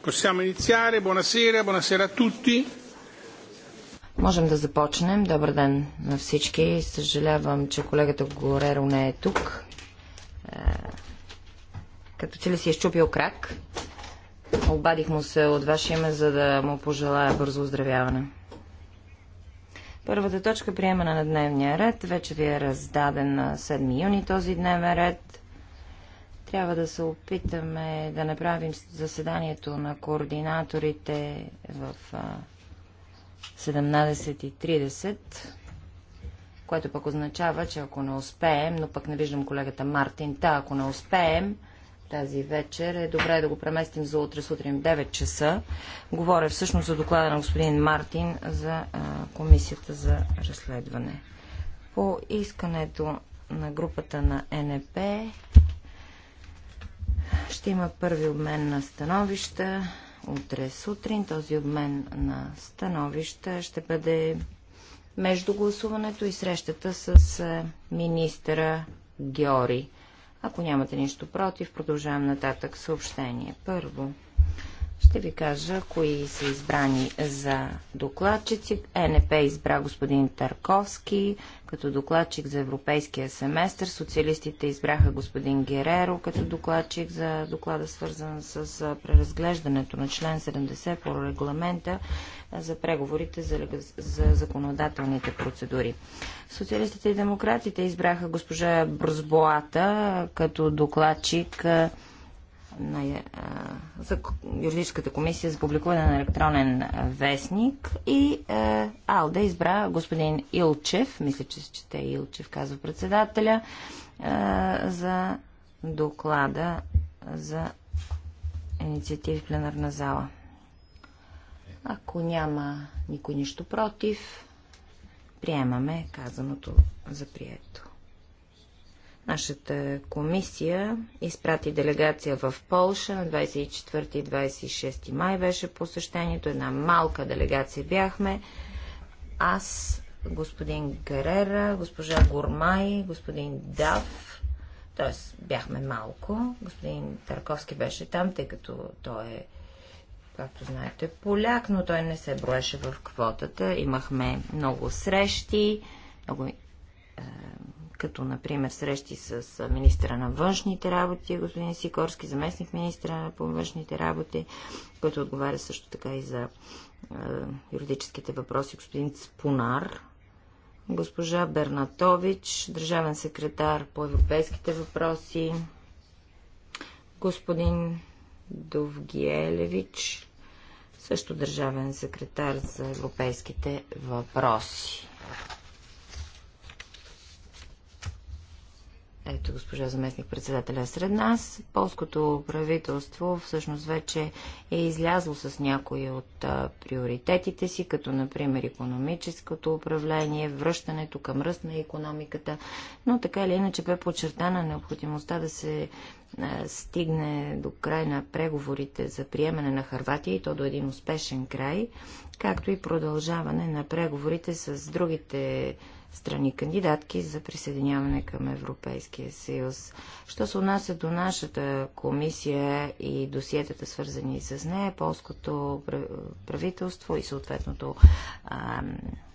Possiamo iniziare. Buonasera, buonasera a tutti. Можем да започнем. Добър ден на всички. Съжалявам, че колегата Гореро не е тук. Е, като че ли си е щупил крак. Обадих му се от ваше име, за да му пожелая бързо оздравяване. Първата точка приемане на дневния ред. Вече ви е раздаден на 7 юни този дневен ред. Трябва да се опитаме да направим заседанието на координаторите в 17.30, което пък означава, че ако не успеем, но пък не виждам колегата Мартин, та ако не успеем тази вечер, е добре да го преместим за утре сутрин 9 часа. Говоря всъщност за доклада на господин Мартин за комисията за разследване. По искането на групата на НП ще има първи обмен на становища утре сутрин. Този обмен на становища ще бъде между гласуването и срещата с е, министъра Геори. Ако нямате нищо против, продължавам нататък съобщение. Първо, ще ви кажа кои са избрани за докладчици. Е НП избра господин Тарковски като докладчик за европейския семестър. Социалистите избраха господин Гереро като докладчик за доклада свързан с преразглеждането на член 70 по регламента за преговорите за, за законодателните процедури. Социалистите и демократите избраха госпожа Брзбоата като докладчик на, е, за юридическата комисия за публикуване на електронен вестник и е, Алда избра господин Илчев, мисля, че се чете Илчев, казва председателя, е, за доклада за инициативи в пленарна зала. Ако няма никой нищо против, приемаме казаното за прието. Нашата комисия изпрати делегация в Полша на 24 и 26 май беше посещението. Една малка делегация бяхме. Аз, господин Карера, госпожа Гормай, господин Дав, т.е. бяхме малко. Господин Тарковски беше там, тъй като той е, както знаете, поляк, но той не се броеше в квотата. Имахме много срещи, много е, като например срещи с министра на външните работи, господин Сикорски, заместник министра на външните работи, който отговаря също така и за е, юридическите въпроси, господин Спунар, госпожа Бернатович, държавен секретар по европейските въпроси, господин Довгиелевич, също държавен секретар за европейските въпроси. Ето, госпожа заместник председателя е сред нас. Полското правителство всъщност вече е излязло с някои от а, приоритетите си, като например економическото управление, връщането към ръст на економиката, но така или иначе бе подчертана необходимостта да се а, стигне до край на преговорите за приемане на Харватия и то до един успешен край, както и продължаване на преговорите с другите страни кандидатки за присъединяване към Европейския съюз. Що се отнася до нашата комисия и досиетата свързани с нея, полското правителство и съответното а,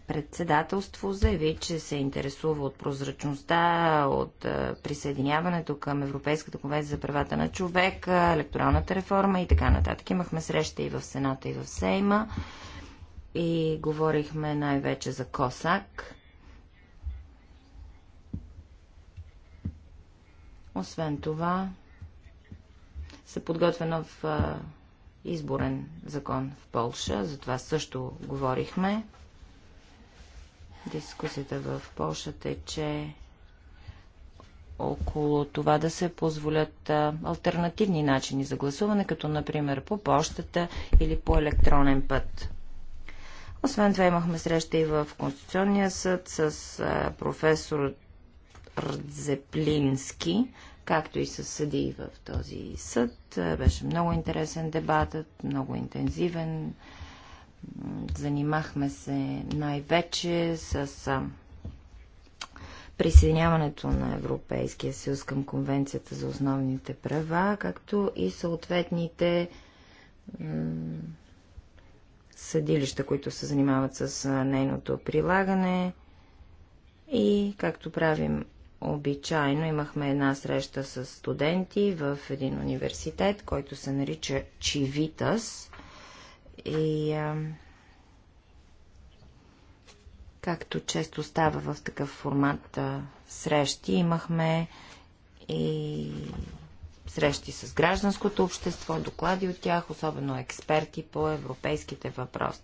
председателство заяви, че се интересува от прозрачността, от присъединяването към Европейската конвенция за правата на човека, електоралната реформа и така нататък. Имахме среща и в Сената, и в Сейма и говорихме най-вече за Косак. Освен това, се подготвя нов изборен закон в Полша, за това също говорихме. Дискусията в Полша тече около това да се позволят а, альтернативни начини за гласуване, като например по почтата или по електронен път. Освен това имахме среща и в Конституционния съд с а, професор Прдзеплински, както и с съдии в този съд. Е, беше много интересен дебатът, много интензивен. Занимахме се най-вече с присъединяването на Европейския съюз към Конвенцията за основните права, както и съответните съдилища, които се занимават с нейното прилагане и както правим обичайно имахме една среща с студенти в един университет, който се нарича Чивитас. И а, както често става в такъв формат а, срещи, имахме и срещи с гражданското общество, доклади от тях, особено експерти по европейските въпроси.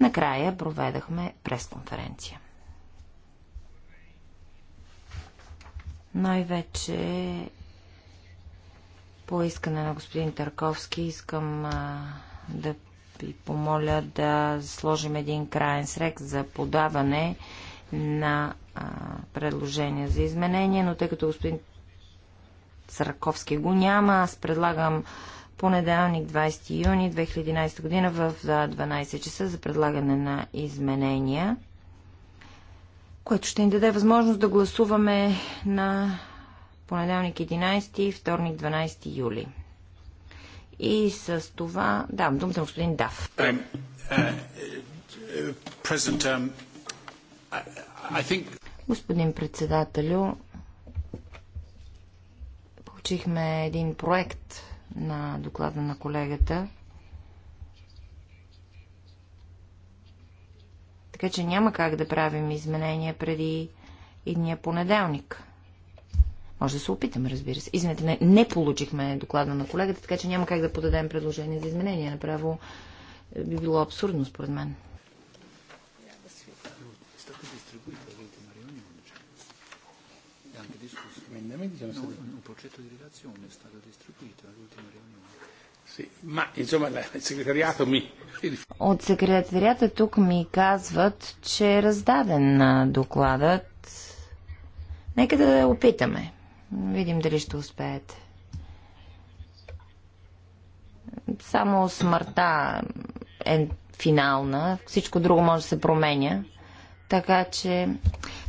Накрая проведахме пресконференция. Най-вече по искане на господин Тарковски искам а, да ви помоля да сложим един краен срек за подаване на а, предложения за изменение, но тъй като господин Църковски го няма, аз предлагам понеделник 20 юни 2011 година в 12 часа за предлагане на изменения което ще ни даде възможност да гласуваме на понеделник 11 и вторник 12 юли. И с това давам думата на господин Дав. Е, е, um, господин председателю, получихме един проект на доклада на колегата – Така че няма как да правим изменения преди идния понеделник. Може да се опитам, разбира се. Извинете, не, не получихме доклада на колегата, така че няма как да подадем предложение за изменение. Направо би било абсурдно, според мен. L'emendamento no, un progetto di relazione è stato distribuito all'ultima riunione. От секретарията тук ми казват, че е раздаден на докладът. Нека да опитаме. Видим дали ще успеете. Само смъртта е финална. Всичко друго може да се променя. Така че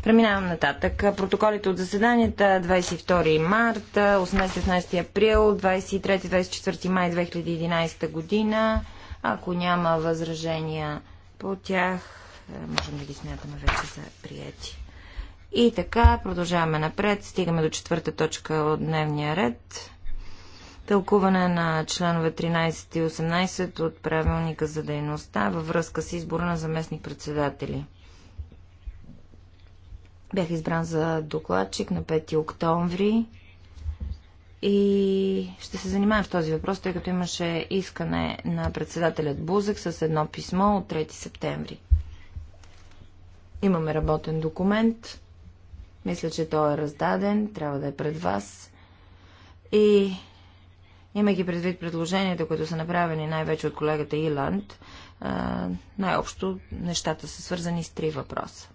Преминавам нататък. Протоколите от заседанията 22 март, 18-16 април, 23-24 май 2011 година. Ако няма възражения по тях, е, можем да ги смятаме вече за прияти. И така, продължаваме напред. Стигаме до четвърта точка от дневния ред. Тълкуване на членове 13 и 18 от правилника за дейността във връзка с избора на заместник председатели. Бях избран за докладчик на 5 октомври и ще се занимавам с този въпрос, тъй като имаше искане на председателят Бузък с едно писмо от 3 септември. Имаме работен документ. Мисля, че той е раздаден, трябва да е пред вас. И имайки предвид предложенията, които са направени най-вече от колегата Иланд, най-общо нещата са свързани с три въпроса.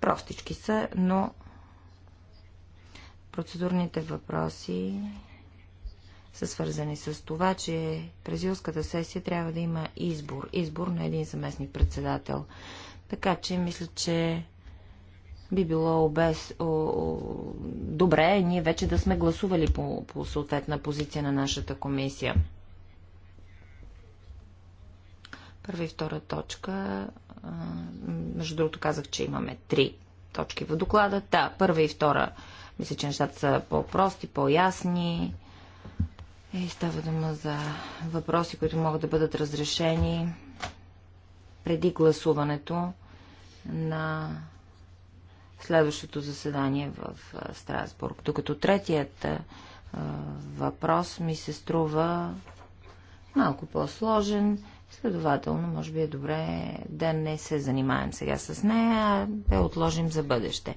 Простички са, но процедурните въпроси са свързани с това, че през юлската сесия трябва да има избор. Избор на един заместник председател. Така че мисля, че би било без... добре ние вече да сме гласували по, по съответна позиция на нашата комисия. Първа и втора точка. Между другото казах, че имаме три точки в доклада. Да, първа и втора. Мисля, че нещата са по-прости, по-ясни. И става дума за въпроси, които могат да бъдат разрешени преди гласуването на следващото заседание в Страсбург. Докато третият въпрос ми се струва малко по-сложен Следователно, може би е добре да не се занимаем сега с нея, а да я отложим за бъдеще.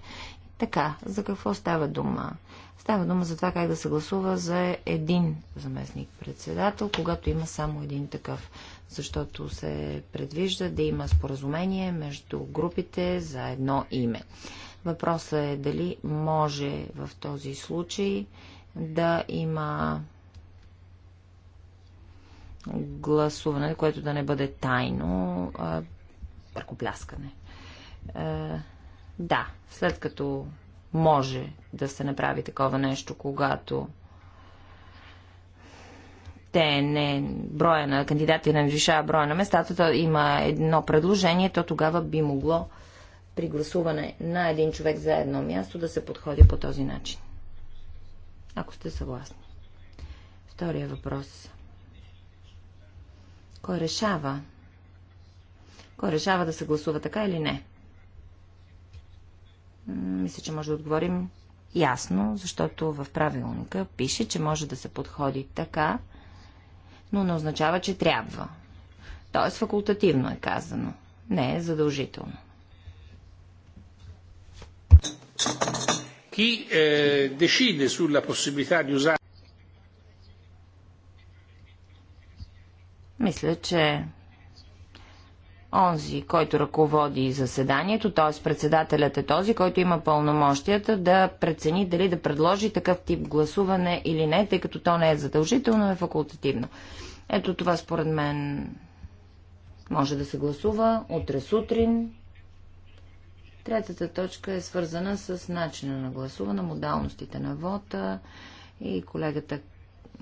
Така, за какво става дума? Става дума за това как да се гласува за един заместник-председател, когато има само един такъв защото се предвижда да има споразумение между групите за едно име. Въпросът е дали може в този случай да има гласуване, което да не бъде тайно, ръкопляскане. да, след като може да се направи такова нещо, когато те не броя на кандидати не решава броя на местата, то има едно предложение, то тогава би могло при гласуване на един човек за едно място да се подходи по този начин. Ако сте съгласни. Втория въпрос. Кой решава? Кой решава да се гласува така или не? Мисля, че може да отговорим ясно, защото в правилника пише, че може да се подходи така, но не означава, че трябва. Тоест факултативно е казано. Не е задължително. Chi eh, decide sulla possibilità di usare Мисля, че онзи, който ръководи заседанието, т.е. председателят е този, който има пълномощията да прецени дали да предложи такъв тип гласуване или не, тъй като то не е задължително, е факултативно. Ето това според мен може да се гласува утре сутрин. Третата точка е свързана с начина на гласуване, модалностите на вота и колегата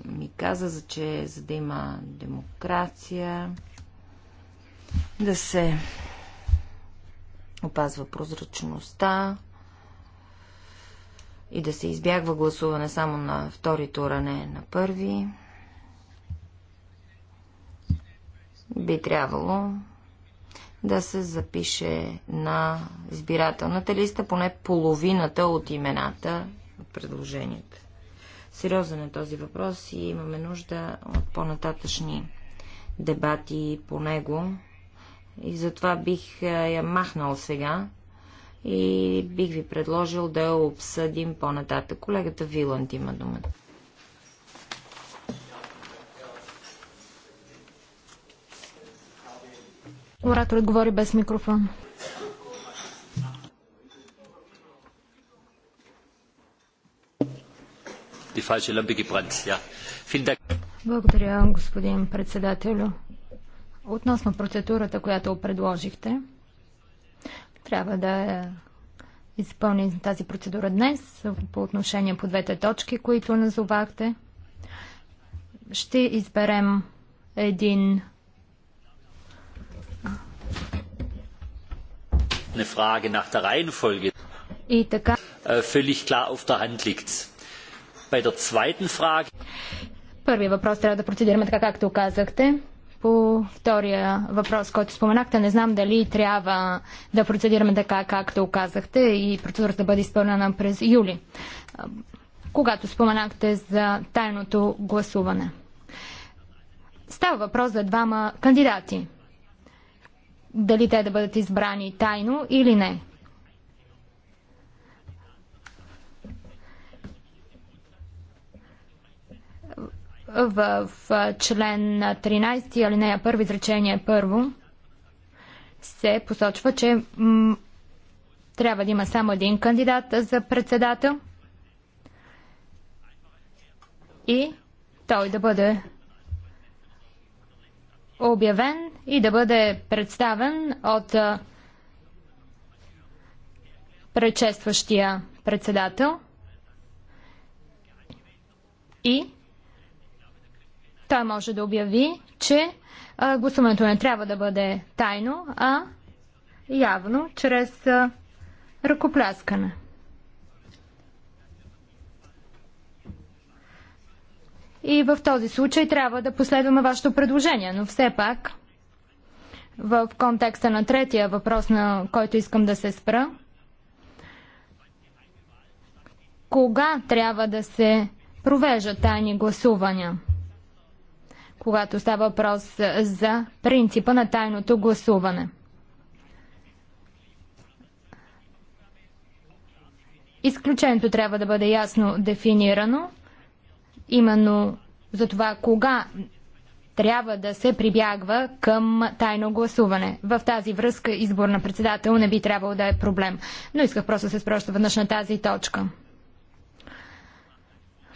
ми каза, че за да има демокрация, да се опазва прозрачността и да се избягва гласуване само на втори тур, а не на първи. Би трябвало да се запише на избирателната листа поне половината от имената от предложенията. Сериозен е този въпрос и имаме нужда от по-нататъчни дебати по него. И затова бих е, я махнал сега и бих ви предложил да я обсъдим по-нататък. Колегата Виланд има думата. Ораторът говори без микрофон. die falsche Lampe gebrannt. Ja. Vielen Dank. Благодаря, господин председателю. Относно процедурата, която предложихте, трябва да изпълни тази процедура днес по отношение по двете точки, които назовахте. Ще изберем един eine Frage nach der Reihenfolge. И така. Äh, völlig klar auf der Hand liegt. Първият въпрос трябва да процедираме така, както казахте. По втория въпрос, който споменахте, не знам дали трябва да процедираме така, както казахте и процедурата да бъде изпълнена през юли, когато споменахте за тайното гласуване. Става въпрос за двама кандидати. Дали те да бъдат избрани тайно или не. в член 13 алинея 1 изречение 1 се посочва, че трябва да има само един кандидат за председател и той да бъде обявен и да бъде представен от предшестващия председател и той може да обяви, че а, гласуването не трябва да бъде тайно, а явно, чрез а, ръкопляскане. И в този случай трябва да последваме вашето предложение, но все пак в контекста на третия въпрос, на който искам да се спра, кога трябва да се провежат тайни гласувания? когато става въпрос за принципа на тайното гласуване. Изключението трябва да бъде ясно дефинирано, именно за това кога трябва да се прибягва към тайно гласуване. В тази връзка избор на председател не би трябвало да е проблем. Но исках просто да се спроща веднъж на тази точка.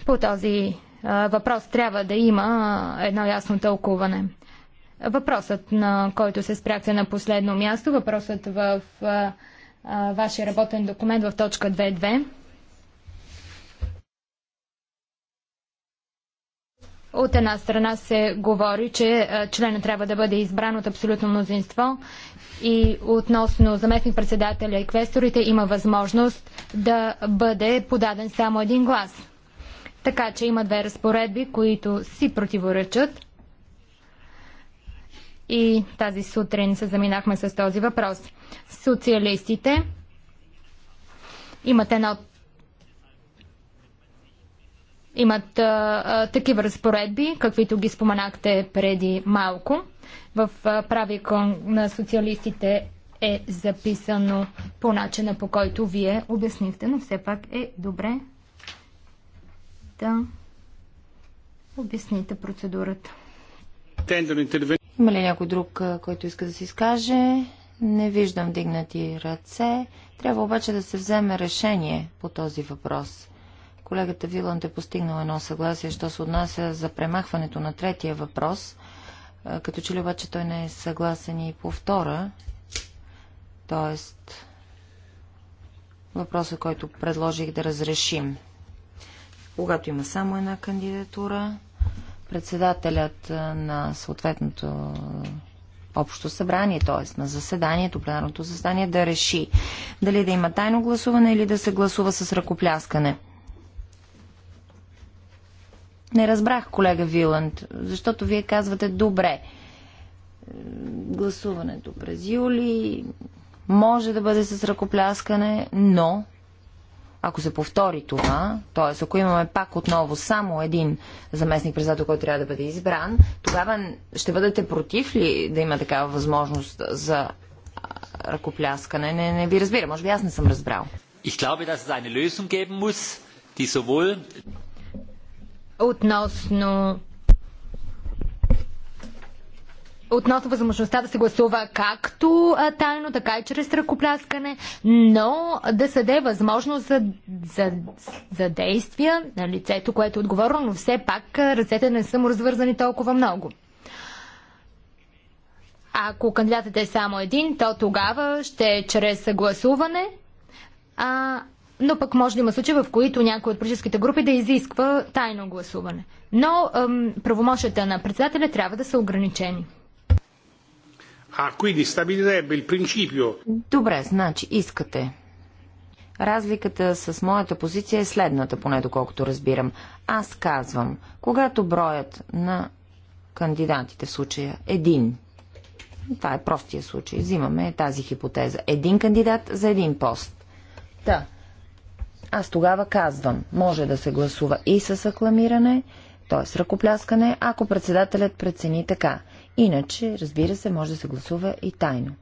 По този въпрос трябва да има едно ясно тълкуване. Въпросът, на който се спряхте на последно място, въпросът в вашия работен документ в точка 2.2. От една страна се говори, че члена трябва да бъде избран от абсолютно мнозинство и относно заместник-председателя и квесторите има възможност да бъде подаден само един глас. Така че има две разпоредби, които си противоречат. И тази сутрин се заминахме с този въпрос. Социалистите имат едно имат а, а, такива разпоредби, каквито ги споменахте преди малко. В а, на социалистите е записано по начина по който вие обяснихте, но все пак е добре да обясните процедурата. Има ли някой друг, който иска да се изкаже? Не виждам дигнати ръце. Трябва обаче да се вземе решение по този въпрос. Колегата Виланд е постигнал едно съгласие, що се отнася за премахването на третия въпрос. Като че ли обаче той не е съгласен и по втора. Тоест, въпроса, който предложих да разрешим. Когато има само една кандидатура, председателят на съответното общо събрание, т.е. на заседанието, пленарното заседание, да реши дали да има тайно гласуване или да се гласува с ръкопляскане. Не разбрах, колега Виланд, защото вие казвате добре. Е, гласуването през юли може да бъде с ръкопляскане, но ако се повтори това, т.е. ако имаме пак отново само един заместник председател, който трябва да бъде избран, тогава ще бъдете против ли да има такава възможност за ръкопляскане? Не, не ви разбира. Може би аз не съм разбрал. Ich glaube, dass es eine Lösung geben muss, die sowohl относно относно възможността да се гласува както а, тайно, така и чрез ръкопляскане, но да се даде възможност за, за, за действия на лицето, което е отговорно, но все пак ръцете не са му развързани толкова много. Ако кандидатът е само един, то тогава ще е чрез гласуване, а, но пък може да има случаи, в които някой от политическите групи да изисква тайно гласуване. Но правомощите правомощията на председателя трябва да са ограничени. А, quindi stabilirebbe il principio. Добре, значи искате. Разликата с моята позиция е следната, поне доколкото разбирам. Аз казвам, когато броят на кандидатите в случая е един, това е простия случай, взимаме тази хипотеза, един кандидат за един пост. Да, аз тогава казвам, може да се гласува и с акламиране, т.е. ръкопляскане, ако председателят прецени така – Иначе, разбира се, може да се гласува и тайно.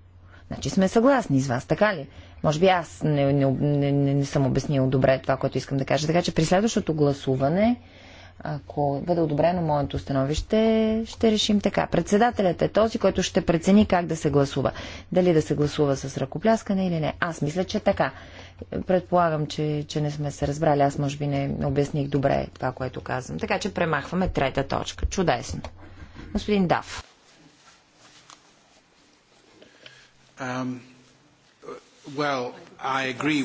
Значи сме съгласни с вас, така ли? Може би аз не, не, не, не съм обяснил добре това, което искам да кажа. Така че при следващото гласуване, ако бъде одобрено моето становище, ще решим така. Председателят е този, който ще прецени как да се гласува. Дали да се гласува с ръкопляскане или не. Аз мисля, че така. Предполагам, че, че не сме се разбрали. Аз може би не, не обясних добре това, което казвам. Така че премахваме трета точка. Чудесно. Господин Дав. Um, well,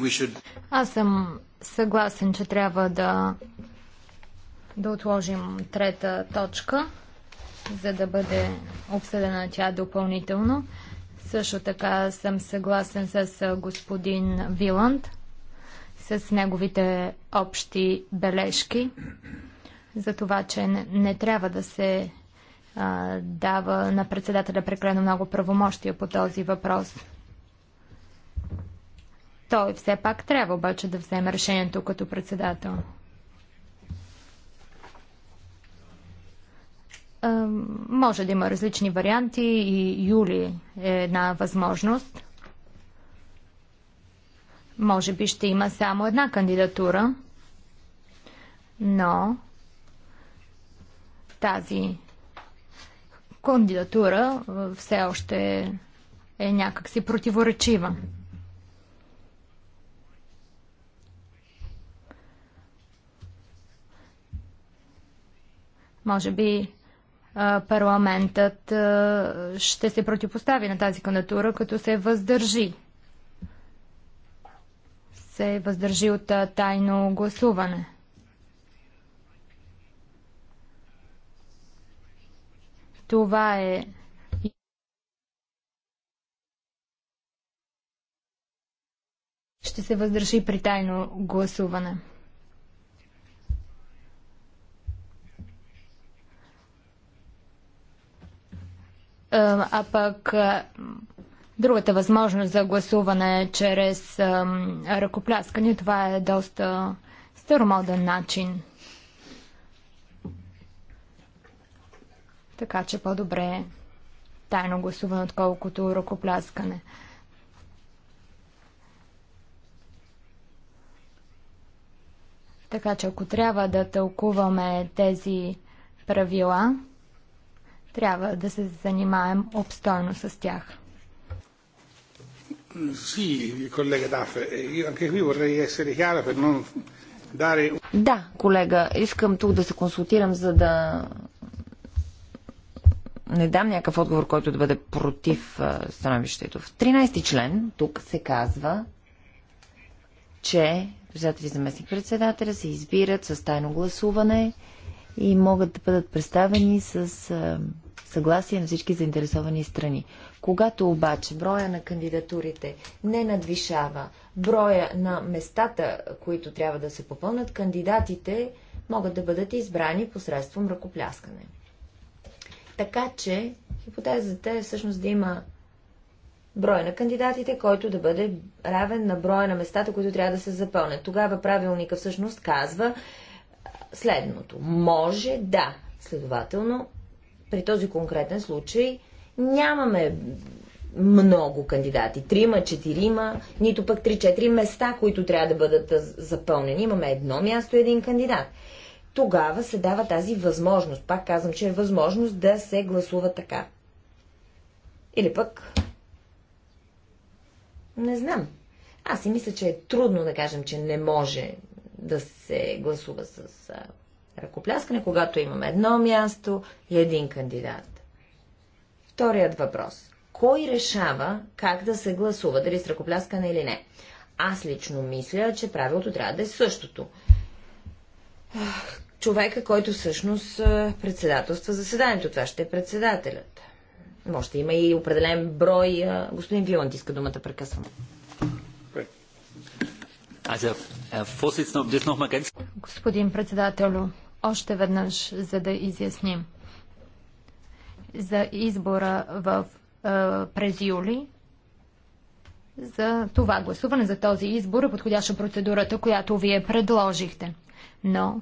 should... Аз съм съгласен, че трябва да, да отложим трета точка, за да бъде обсъдена тя допълнително. Също така съм съгласен с господин Виланд, с неговите общи бележки, за това, че не, не трябва да се дава на председателя прекалено много правомощия по този въпрос. Той все пак трябва обаче да вземе решението като председател. може да има различни варианти и юли е една възможност. Може би ще има само една кандидатура, но тази кандидатура все още е някакси противоречива. Може би парламентът ще се противопостави на тази кандидатура, като се въздържи. Се въздържи от тайно гласуване. Това е ще се въздържи при тайно гласуване. А пък другата възможност за гласуване е чрез ръкопляскане. Това е доста старомоден начин. Така че по-добре е тайно гласуване, отколкото ръкопляскане. Така че ако трябва да тълкуваме тези правила, трябва да се занимаем обстойно с тях. Да, колега, искам тук да се консултирам, за да не дам някакъв отговор, който да бъде против становището. В 13 член тук се казва, че председател и заместник председателя се избират с тайно гласуване и могат да бъдат представени с съгласие на всички заинтересовани страни. Когато обаче броя на кандидатурите не надвишава броя на местата, които трябва да се попълнат, кандидатите могат да бъдат избрани посредством ръкопляскане. Така че хипотезата е всъщност да има брой на кандидатите, който да бъде равен на броя на местата, които трябва да се запълнят. Тогава правилника всъщност казва следното. Може да. Следователно, при този конкретен случай нямаме много кандидати. Трима, четирима, нито пък три-четири места, които трябва да бъдат запълнени. Имаме едно място и един кандидат тогава се дава тази възможност. Пак казвам, че е възможност да се гласува така. Или пък... Не знам. Аз си мисля, че е трудно да кажем, че не може да се гласува с ръкопляскане, когато имаме едно място и един кандидат. Вторият въпрос. Кой решава как да се гласува, дали с ръкопляскане или не? Аз лично мисля, че правилото трябва да е същото човека, който всъщност председателства заседанието. Това ще е председателят. Може да има и определен брой. Господин Виланд иска думата прекъсвам. Господин председател, още веднъж, за да изясним. За избора в, през юли, за това гласуване, за този избор е подходяща процедурата, която вие предложихте. Но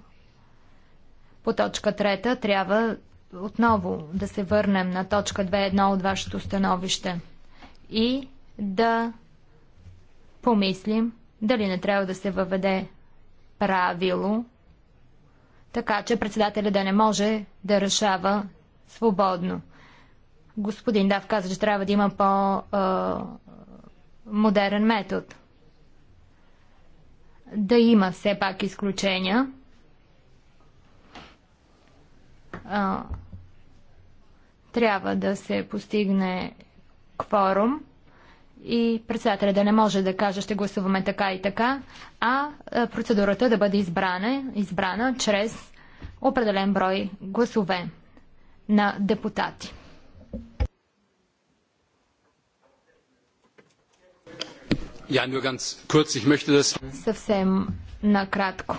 по точка трета трябва отново да се върнем на точка 2.1 от вашето становище и да помислим дали не трябва да се въведе правило, така че председателя да не може да решава свободно. Господин Дав каза, че трябва да има по-модерен метод. Да има все пак изключения а, трябва да се постигне кворум и председателя да не може да каже ще гласуваме така и така, а процедурата да бъде избрана, избрана чрез определен брой гласове на депутати. Ja, nur ganz kurz, ich möchte das... Съвсем накратко.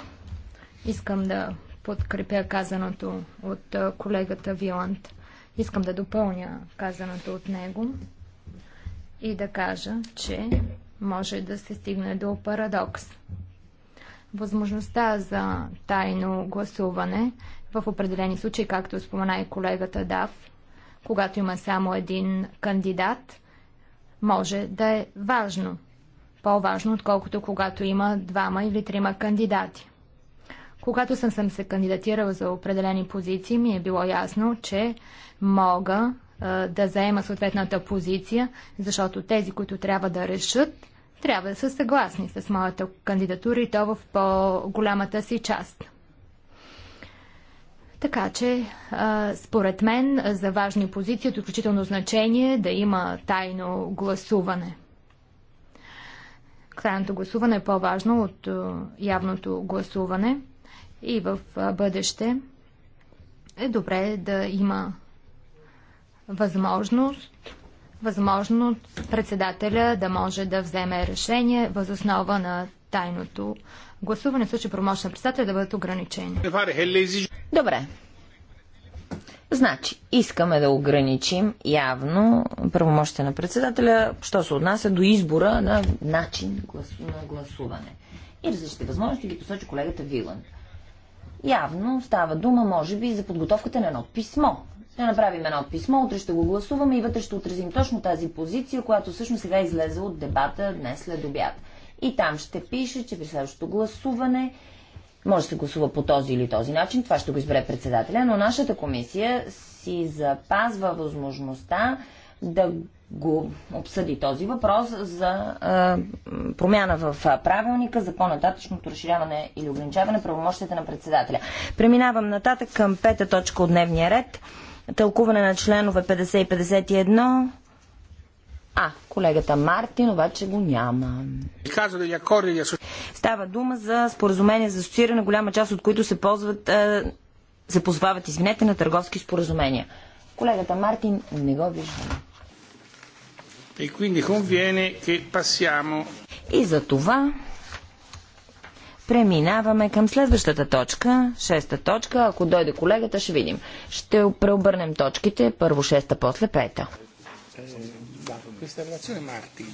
Искам да подкрепя казаното от колегата Виланд. Искам да допълня казаното от него и да кажа, че може да се стигне до парадокс. Възможността за тайно гласуване в определени случаи, както спомена и колегата Дав, когато има само един кандидат, може да е важно. По-важно, отколкото когато има двама или трима кандидати. Когато съм, съм се кандидатирала за определени позиции, ми е било ясно, че мога да заема съответната позиция, защото тези, които трябва да решат, трябва да са съгласни с моята кандидатура и то в по-голямата си част. Така че, според мен, за важни позиции от изключително значение е да има тайно гласуване. Крайното гласуване е по-важно от явното гласуване и в бъдеще е добре да има възможност възможност председателя да може да вземе решение въз основа на тайното гласуване, в случай промощ на председателя да бъдат ограничени. Добре. Значи, искаме да ограничим явно правомощите на председателя, що се отнася до избора на начин на гласуване. И различните възможности ги посочи колегата Виланд. Явно става дума, може би, за подготовката на едно писмо. Ще направим едно писмо, утре ще го гласуваме и вътре ще отразим точно тази позиция, която всъщност сега излезе от дебата днес след обяд. И там ще пише, че при следващото гласуване може да се гласува по този или този начин, това ще го избере председателя, но нашата комисия си запазва възможността да го обсъди този въпрос за а, промяна в правилника за по-нататъчното разширяване или ограничаване правомощите на председателя. Преминавам нататък към пета точка от дневния ред. Тълкуване на членове 50 и 51. А, колегата Мартин обаче го няма. Става дума за споразумение за асоцииране, голяма част от които се ползват, е, се позвават, извинете, на търговски споразумения. Колегата Мартин не го виждам. E И за това преминаваме към следващата точка, шеста точка. Ако дойде колегата, ще видим. Ще преобърнем точките, първо шеста, после пета. Questa relazione Martin,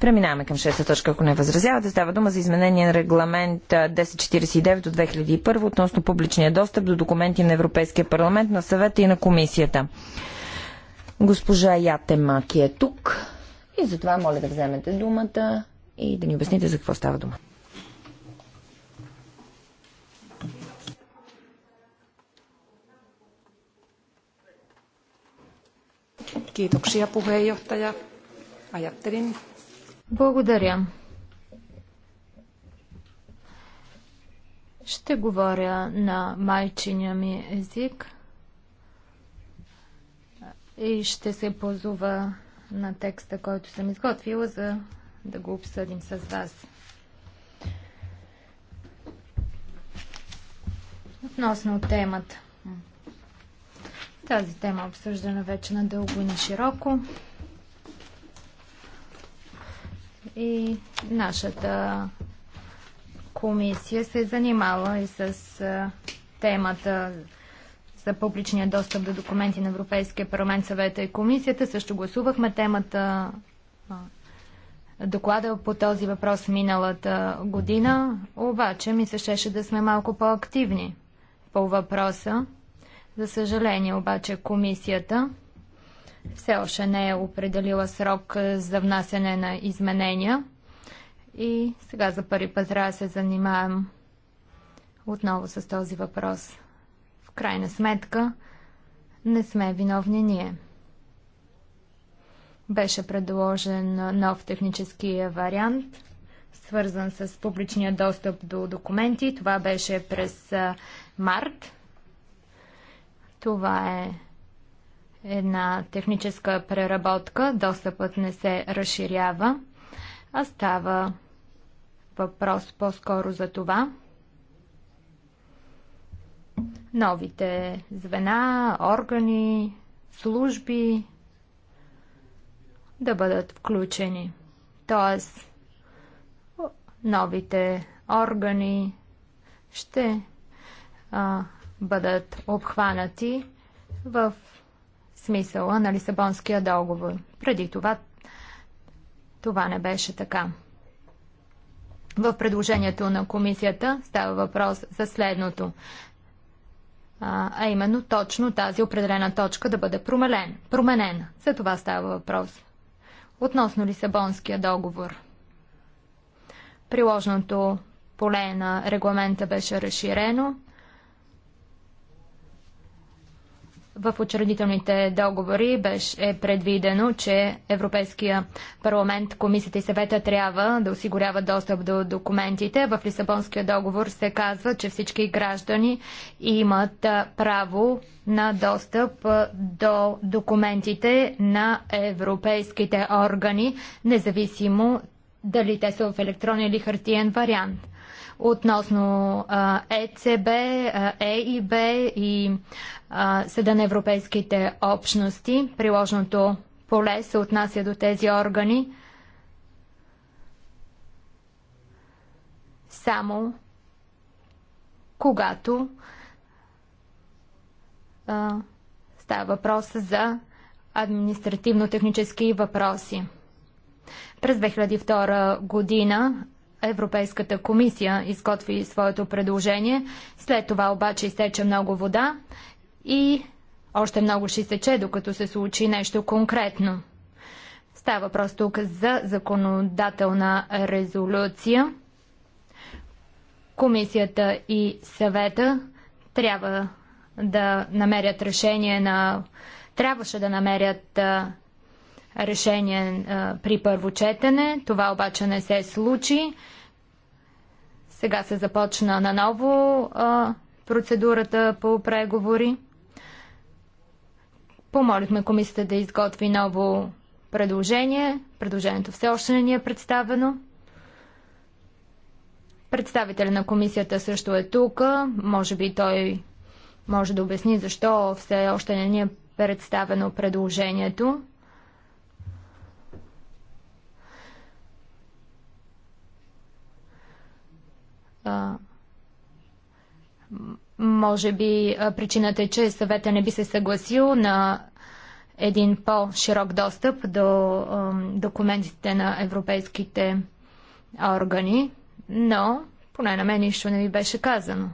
Преминаваме към шеста точка, ако не възразявате. Става дума за изменение на регламент 1049 до 2001 относно публичния достъп до документи на Европейския парламент, на съвета и на комисията. Госпожа Ятемаки е тук и затова моля да вземете думата и да ни обясните за какво става дума. Kiitoksia puheenjohtaja. Ajattelin. Благодаря. Ще говоря на майчиния ми език и ще се позова на текста, който съм изготвила, за да го обсъдим с вас. Относно темата. Тази тема е обсъждана вече на дълго и на широко. И нашата комисия се е и с темата за публичния достъп до документи на Европейския парламент, съвета и комисията. Също гласувахме темата доклада по този въпрос миналата година, обаче ми се щеше да сме малко по-активни по въпроса. За съжаление обаче комисията все още не е определила срок е, за внасяне на изменения и сега за първи път трябва да се занимаем отново с този въпрос. В крайна сметка не сме виновни ние. Беше предложен нов технически вариант, свързан с публичния достъп до документи. Това беше през март това е една техническа преработка. Достъпът не се разширява, а става въпрос по-скоро за това. Новите звена, органи, служби да бъдат включени. Тоест, новите органи ще а, бъдат обхванати в смисъла на Лисабонския договор. Преди това това не беше така. В предложението на комисията става въпрос за следното, а именно точно тази определена точка да бъде промелен, променена. За това става въпрос. Относно Лисабонския договор. Приложното поле на регламента беше разширено В учредителните договори беше е предвидено, че Европейския парламент, комисията и съвета трябва да осигуряват достъп до документите. В Лисабонския договор се казва, че всички граждани имат право на достъп до документите на европейските органи, независимо дали те са в електронен или хартиен вариант относно ЕЦБ, ЕИБ е и Съда на европейските общности. Приложното поле се отнася до тези органи само когато а, става въпрос за административно-технически въпроси. През 2002 година Европейската комисия изготви своето предложение. След това обаче изтече много вода и още много ще изтече, докато се случи нещо конкретно. Става въпрос тук за законодателна резолюция. Комисията и съвета трябва да намерят решение на... Трябваше да намерят решение при първо четене. Това обаче не се случи. Сега се започна наново процедурата по преговори. Помолихме комисията да изготви ново предложение. Предложението все още не ни е представено. Представителя на комисията също е тук. Може би той може да обясни защо все още не ни е представено предложението. може би причината е, че съвета не би се съгласил на един по-широк достъп до документите на европейските органи, но поне на мен нищо не ми беше казано.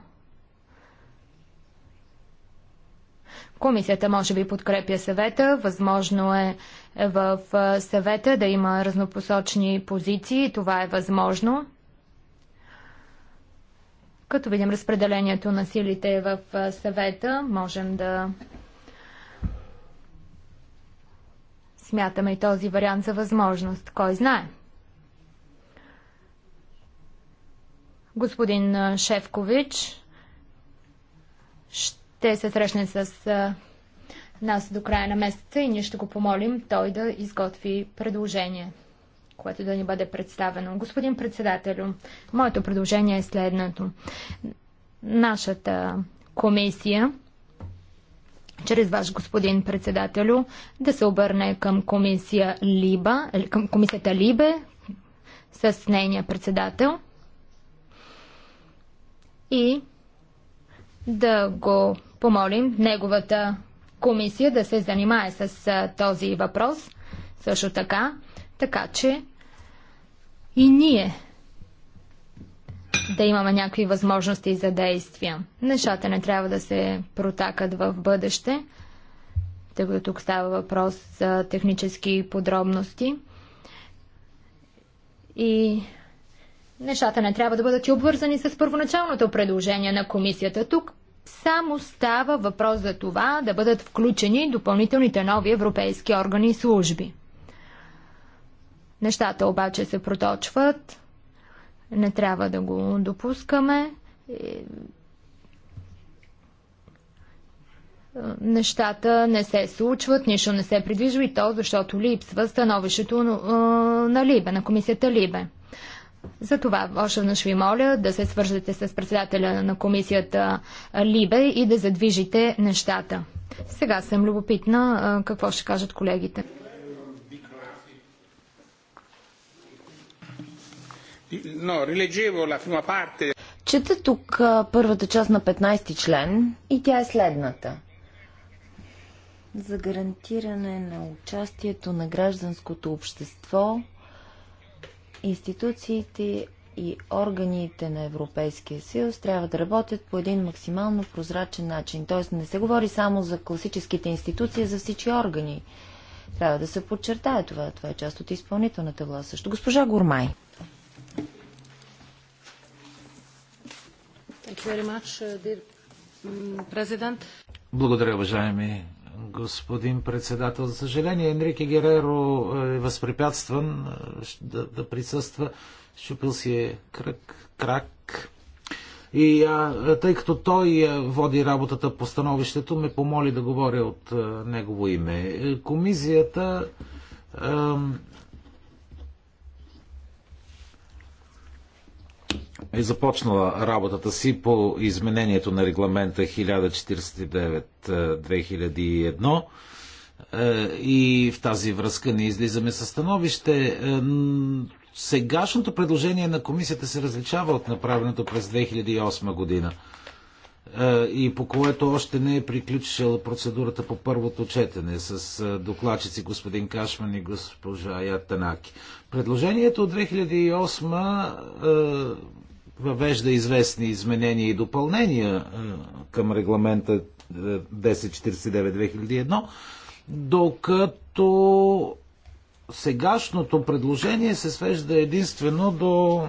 Комисията може би подкрепя съвета, възможно е в съвета да има разнопосочни позиции, това е възможно. Като видим разпределението на силите в съвета, можем да смятаме и този вариант за възможност. Кой знае? Господин Шефкович ще се срещне с нас до края на месеца и ние ще го помолим той да изготви предложение което да ни бъде представено. Господин председателю, моето предложение е следното. Нашата комисия, чрез ваш господин председателю, да се обърне към комисия Либа, е, към комисията Либе, с нейния председател и да го помолим неговата комисия да се занимае с този въпрос. Също така така че и ние да имаме някакви възможности за действия. Нещата не трябва да се протакат в бъдеще, тъй като тук става въпрос за технически подробности. И нещата не трябва да бъдат и обвързани с първоначалното предложение на комисията. Тук само става въпрос за това да бъдат включени допълнителните нови европейски органи и служби. Нещата обаче се проточват. Не трябва да го допускаме. Е, нещата не се случват, нищо не се придвижва и то, защото липсва становището е, на Либе, на комисията Либе. Затова още веднъж ви моля да се свържете с председателя на комисията е, Либе и да задвижите нещата. Сега съм любопитна какво ще кажат колегите. No, rileggevo la prima parte. Чета тук първата част на 15-ти член и тя е следната. За гарантиране на участието на гражданското общество, институциите и органите на Европейския съюз трябва да работят по един максимално прозрачен начин. Тоест не се говори само за класическите институции, за всички органи. Трябва да се подчертае това. Това е част от изпълнителната власт. Също госпожа Гормай. Uh, mm, Благодаря, уважаеми господин председател. За съжаление, Енрике Гереро е възпрепятстван е, да, да присъства. Щупил си е крак. И а, тъй като той е, води работата по становището, ме помоли да говоря от а, е, негово име. Комисията е започнала работата си по изменението на регламента 1049-2001 е, и в тази връзка ние излизаме със становище. Е, сегашното предложение на комисията се различава от направеното през 2008 година. Е, и по което още не е приключила процедурата по първото четене с е, докладчици господин Кашман и госпожа Ятанаки. Предложението от 2008 е, въвежда известни изменения и допълнения към регламента 1049-2001, докато сегашното предложение се свежда единствено до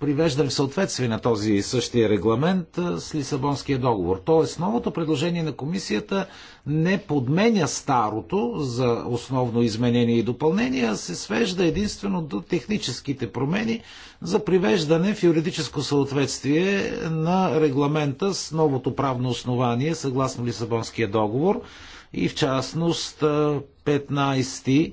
привеждане в съответствие на този същия регламент с Лисабонския договор. Тоест, новото предложение на комисията не подменя старото за основно изменение и допълнение, а се свежда единствено до техническите промени за привеждане в юридическо съответствие на регламента с новото правно основание съгласно Лисабонския договор и в частност 15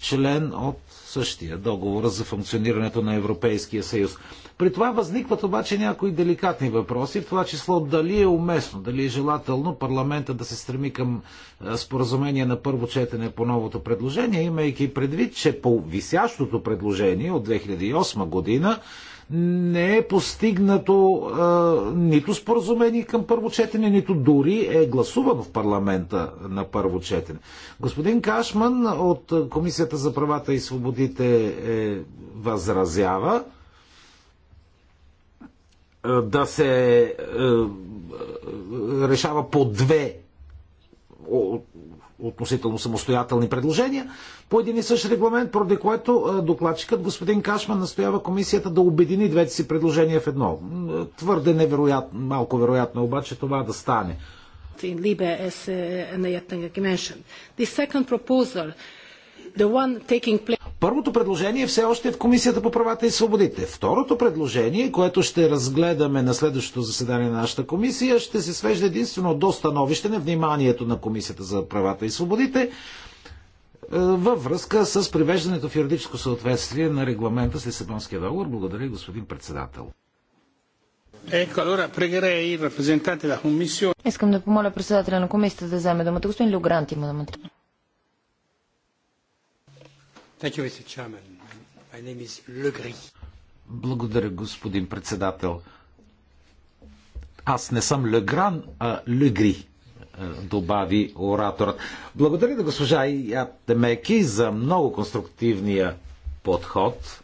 член от същия договор за функционирането на Европейския съюз. При това възникват обаче някои деликатни въпроси, в това число дали е уместно, дали е желателно парламента да се стреми към споразумение на първо четене по новото предложение, имайки предвид, че по висящото предложение от 2008 година не е постигнато а, нито споразумение към първо четене, нито дори е гласувано в парламента на първо четене. Господин Кашман от Комисията за правата и свободите е, възразява е, да се е, е решава по две относително самостоятелни предложения, по един и същ регламент, поради което докладчикът господин Кашман настоява комисията да обедини двете си предложения в едно. Твърде невероятно, малко вероятно е обаче това да стане. Е, е, Първото предложение все още е в Комисията по правата и свободите. Второто предложение, което ще разгледаме на следващото заседание на нашата комисия, ще се свежда единствено до становище на вниманието на Комисията за правата и свободите е, във връзка с привеждането в юридическо съответствие на регламента с Лисабонския договор. Благодаря, господин председател. Искам да помоля председателя на комисията да вземе думата. Господин Люгрант има думата. Благодаря, господин председател. Аз не съм Легран, а Легри. Е, добави ораторът. Благодаря да госпожа Ятемеки за много конструктивния подход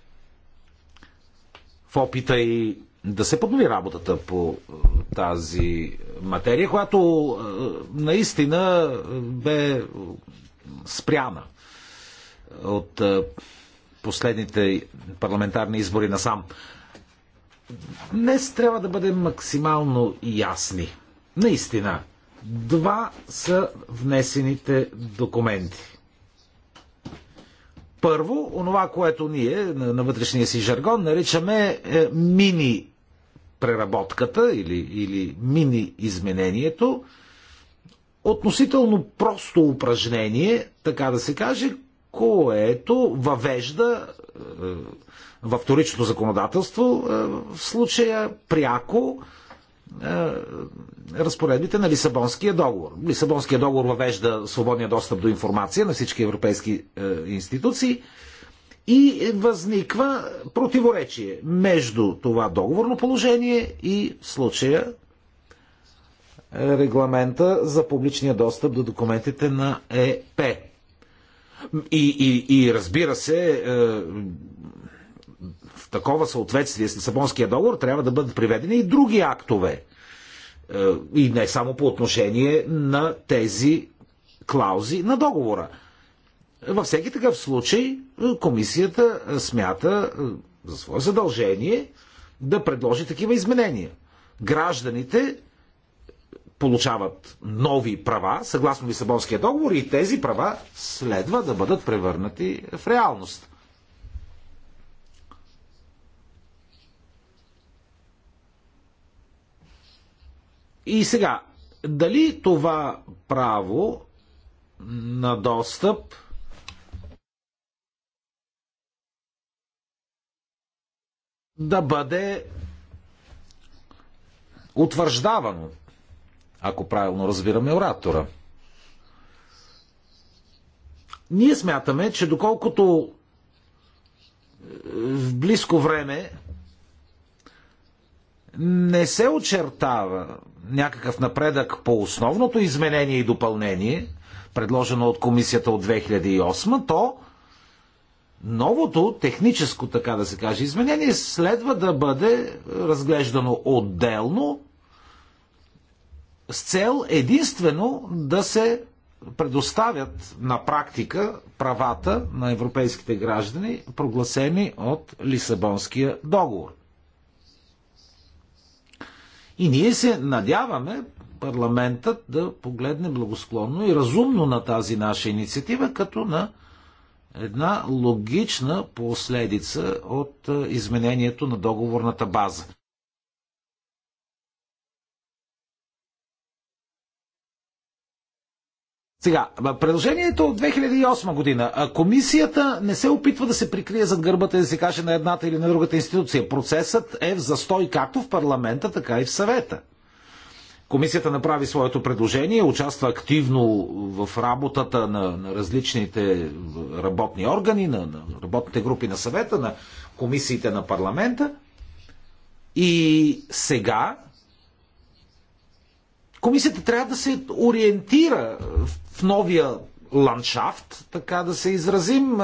в опита и да се поднови работата по е, тази материя, която е, наистина бе спряна от последните парламентарни избори на САМ. Днес трябва да бъдем максимално ясни. Наистина, Два са внесените документи. Първо, онова, което ние на вътрешния си жаргон наричаме е, мини преработката или, или мини изменението, относително просто упражнение, така да се каже, което въвежда е, във вторичното законодателство е, в случая пряко е, разпоредбите на Лисабонския договор. Лисабонския договор въвежда свободния достъп до информация на всички европейски е, институции и възниква противоречие между това договорно положение и случая е, регламента за публичния достъп до документите на ЕП. И, и, и разбира се, такова съответствие с Лисабонския договор трябва да бъдат приведени и други актове. Е, и не само по отношение на тези клаузи на договора. Във всеки такъв случай е, комисията смята е, за свое задължение да предложи такива изменения. Гражданите получават нови права, съгласно Лисабонския договор, и тези права следва да бъдат превърнати в реалност. И сега, дали това право на достъп да бъде утвърждавано, ако правилно разбираме оратора. Ние смятаме, че доколкото в близко време не се очертава някакъв напредък по основното изменение и допълнение, предложено от комисията от 2008, то новото техническо, така да се каже, изменение следва да бъде разглеждано отделно с цел единствено да се предоставят на практика правата на европейските граждани, прогласени от Лисабонския договор. И ние се надяваме парламентът да погледне благосклонно и разумно на тази наша инициатива, като на една логична последица от е, изменението на договорната база. Сега, предложението от 2008 година. Комисията не се опитва да се прикрие зад гърбата и да се каже на едната или на другата институция. Процесът е в застой както в парламента, така и в съвета. Комисията направи своето предложение, участва активно в работата на, на различните работни органи, на, на работните групи на съвета, на комисиите на парламента. И сега Комисията трябва да се ориентира в новия ландшафт, така да се изразим.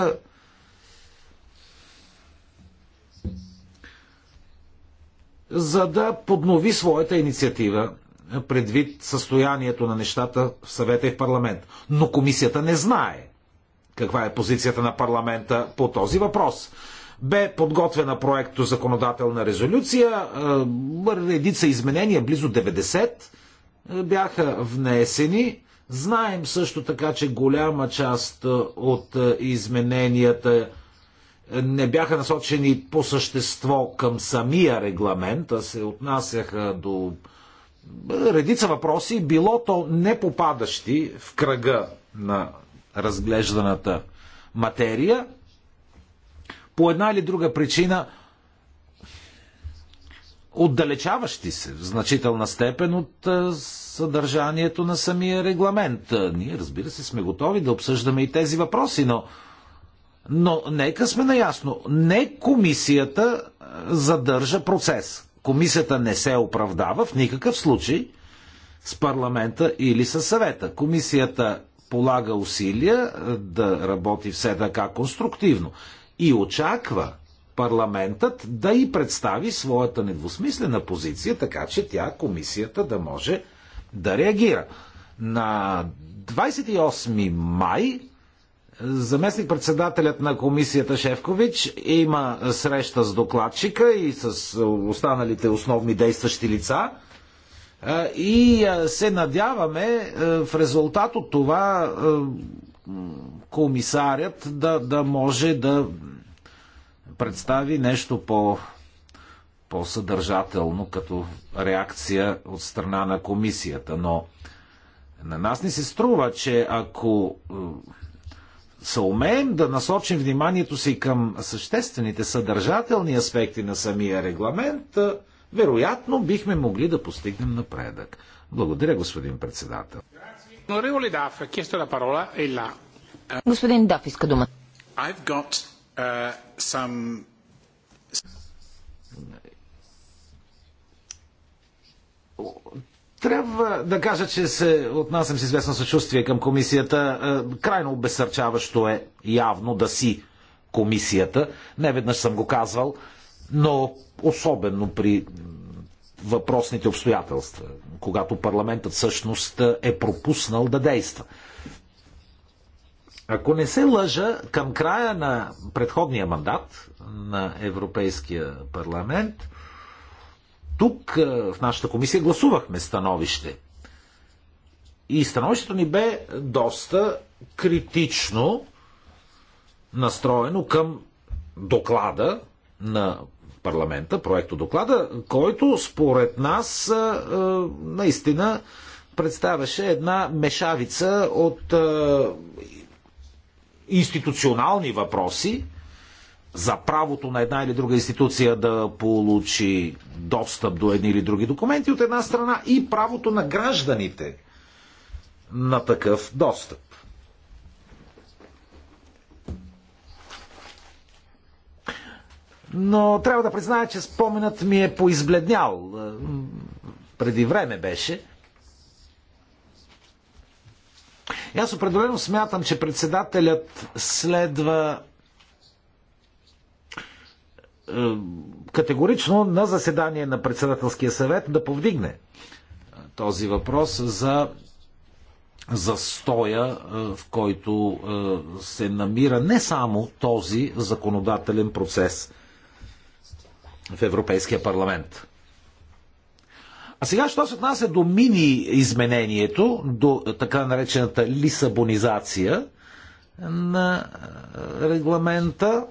за да поднови своята инициатива предвид състоянието на нещата в съвета и в парламент. Но комисията не знае каква е позицията на парламента по този въпрос. Бе подготвена проекто законодателна резолюция, редица изменения, близо 90 бяха внесени. Знаем също така, че голяма част от измененията не бяха насочени по същество към самия регламент, а се отнасяха до редица въпроси, било то не попадащи в кръга на разглежданата материя, по една или друга причина – отдалечаващи се в значителна степен от съдържанието на самия регламент. Ние, разбира се, сме готови да обсъждаме и тези въпроси, но, но нека сме наясно. Не комисията задържа процес. Комисията не се оправдава в никакъв случай с парламента или с съвета. Комисията полага усилия да работи все така конструктивно и очаква парламентът да и представи своята недвусмислена позиция, така че тя, комисията, да може да реагира. На 28 май заместник председателят на комисията Шефкович има среща с докладчика и с останалите основни действащи лица и се надяваме в резултат от това комисарят да, да може да представи нещо по по-съдържателно като реакция от страна на комисията. Но на нас ни се струва, че ако е, съумеем да насочим вниманието си към съществените съдържателни аспекти на самия регламент, е, вероятно бихме могли да постигнем напредък. Благодаря, господин председател. Господин Даф иска думата. Uh, some трябва да кажа, че се отнасям с известно съчувствие към комисията. Е, крайно обесърчаващо е явно да си комисията. Не веднъж съм го казвал, но особено при въпросните обстоятелства, когато парламентът всъщност е пропуснал да действа. Ако не се лъжа, към края на предходния мандат на Европейския парламент, тук е, в нашата комисия гласувахме становище. И становището ни бе доста критично настроено към доклада на парламента, проекто доклада, който според нас е, е, наистина представяше една мешавица от институционални въпроси за правото на една или друга институция да получи достъп до едни или други документи от една страна и правото на гражданите на такъв достъп. Но трябва да призная, че споменът ми е поизбледнял. Преди време беше. И аз определено смятам, че председателят следва е, категорично на заседание на председателския съвет да повдигне е, този въпрос за застоя, е, в който се намира не само този законодателен процес в Европейския парламент. А сега, що се отнася до мини изменението, до е, така наречената лисабонизация на е, регламента,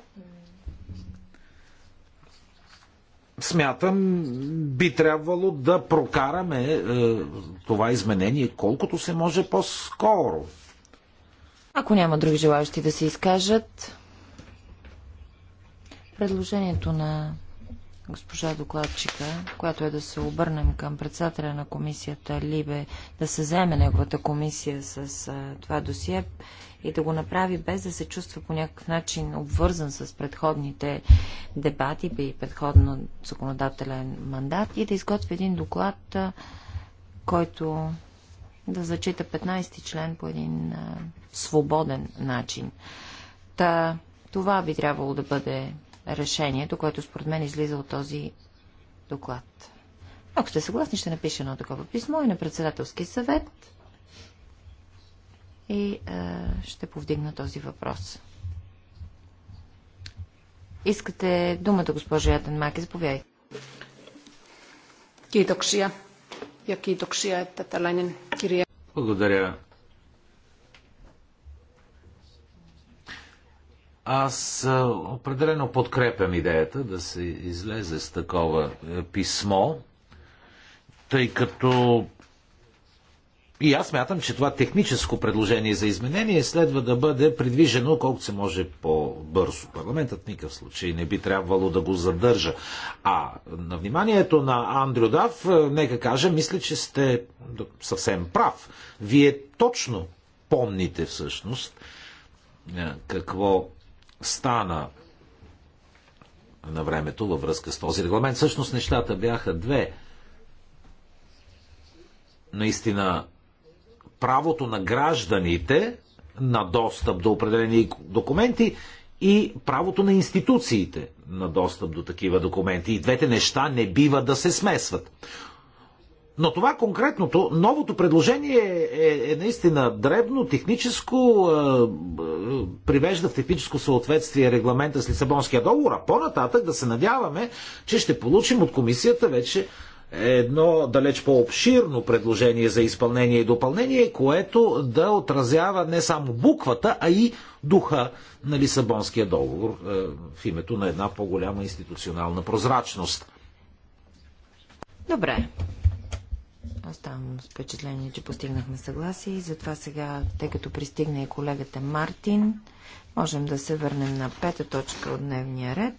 смятам, би трябвало да прокараме е, това изменение колкото се може по-скоро. Ако няма други желаящи да се изкажат, предложението на госпожа докладчика, която е да се обърнем към председателя на комисията Либе, да се заеме неговата комисия с а, това досие и да го направи без да се чувства по някакъв начин обвързан с предходните дебати и предходно законодателен мандат и да изготви един доклад, а, който да зачита 15-ти член по един а, свободен начин. Та, това би трябвало да бъде решението, което според мен излиза от този доклад. Ако сте съгласни, ще напиша едно такова писмо и на председателски съвет и а, ще повдигна този въпрос. Искате думата, госпожо Ятен Маки, Kiitoksia. Благодаря Аз определено подкрепям идеята да се излезе с такова е, писмо, тъй като и аз мятам, че това техническо предложение за изменение следва да бъде придвижено колкото се може по-бързо. Парламентът в никакъв случай не би трябвало да го задържа. А на вниманието на Андрю Дав, е, нека кажа, мисля, че сте съвсем прав. Вие точно помните всъщност е, какво стана на времето във връзка с този регламент. Всъщност нещата бяха две. Наистина, правото на гражданите на достъп до определени документи и правото на институциите на достъп до такива документи. И двете неща не бива да се смесват. Но това конкретното, новото предложение е, е, е наистина дребно, техническо, е, е, привежда в техническо съответствие регламента с Лисабонския договор, а по-нататък да се надяваме, че ще получим от комисията вече едно далеч по-обширно предложение за изпълнение и допълнение, което да отразява не само буквата, а и духа на Лисабонския договор е, в името на една по-голяма институционална прозрачност. Добре, Оставам с впечатление, че постигнахме съгласие и затова сега, тъй като пристигне и колегата Мартин, можем да се върнем на пета точка от дневния ред,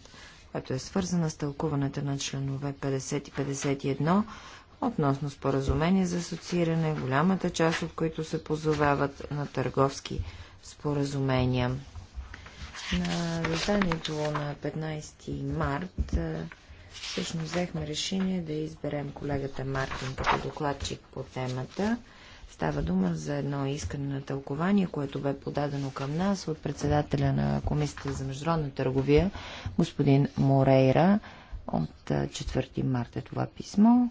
която е свързана с тълкуването на членове 50 и 51 относно споразумение за асоцииране, голямата част от които се позовават на търговски споразумения. На заседанието на 15 март Всъщност взехме решение да изберем колегата Мартин като докладчик по темата. Става дума за едно искане на тълкование, което бе подадено към нас от председателя на Комисията за международна търговия, господин Морейра, от 4 марта е това писмо.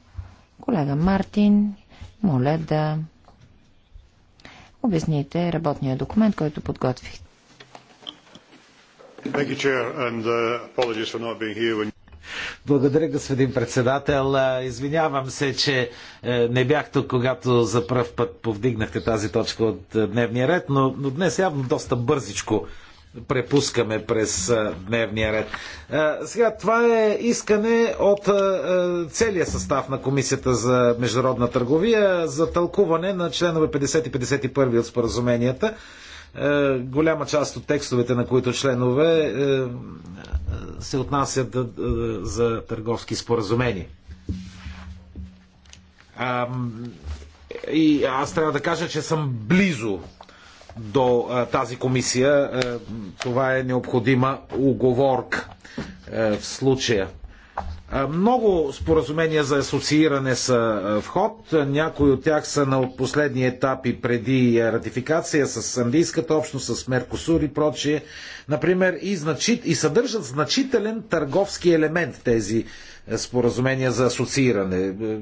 Колега Мартин, моля да обясните работния документ, който подготвихте. Благодаря, господин председател. Извинявам се, че е, не бях тук, когато за първ път повдигнахте тази точка от е, дневния ред, но, но днес явно доста бързичко препускаме през е, дневния ред. Сега това е искане от целия състав на Комисията за международна търговия за тълкуване на членове 50 и 51 от споразуменията е, голяма част от текстовете, на които членове, е, се отнасят е, за търговски споразумения. И аз трябва да кажа, че съм близо до тази комисия. Това е необходима оговорка в случая. Много споразумения за асоцииране са в ход. Някои от тях са на последни етапи преди ратификация с Андийската общност, с Меркосур и прочие. Например, и, значит, и съдържат значителен търговски елемент тези споразумения за асоцииране, е,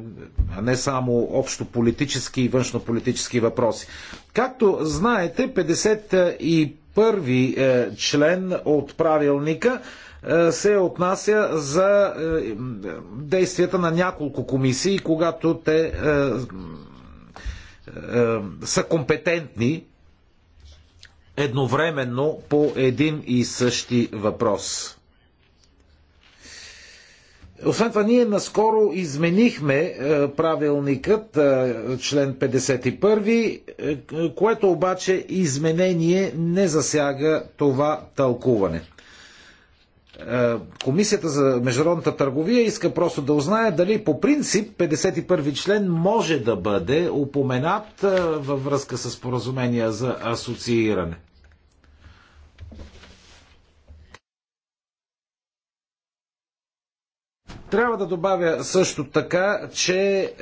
а не само общо политически и външнополитически въпроси. Както знаете, 51 първи е, член от правилника е, се отнася за е, действията на няколко комисии, когато те е, са компетентни едновременно по един и същи въпрос. Освен това, ние наскоро изменихме правилникът, член 51, което обаче изменение не засяга това тълкуване. Е, Комисията за международната търговия иска просто да узнае дали по принцип 51-и член може да бъде упоменат е, във връзка с поразумения за асоцииране. Трябва да добавя също така, че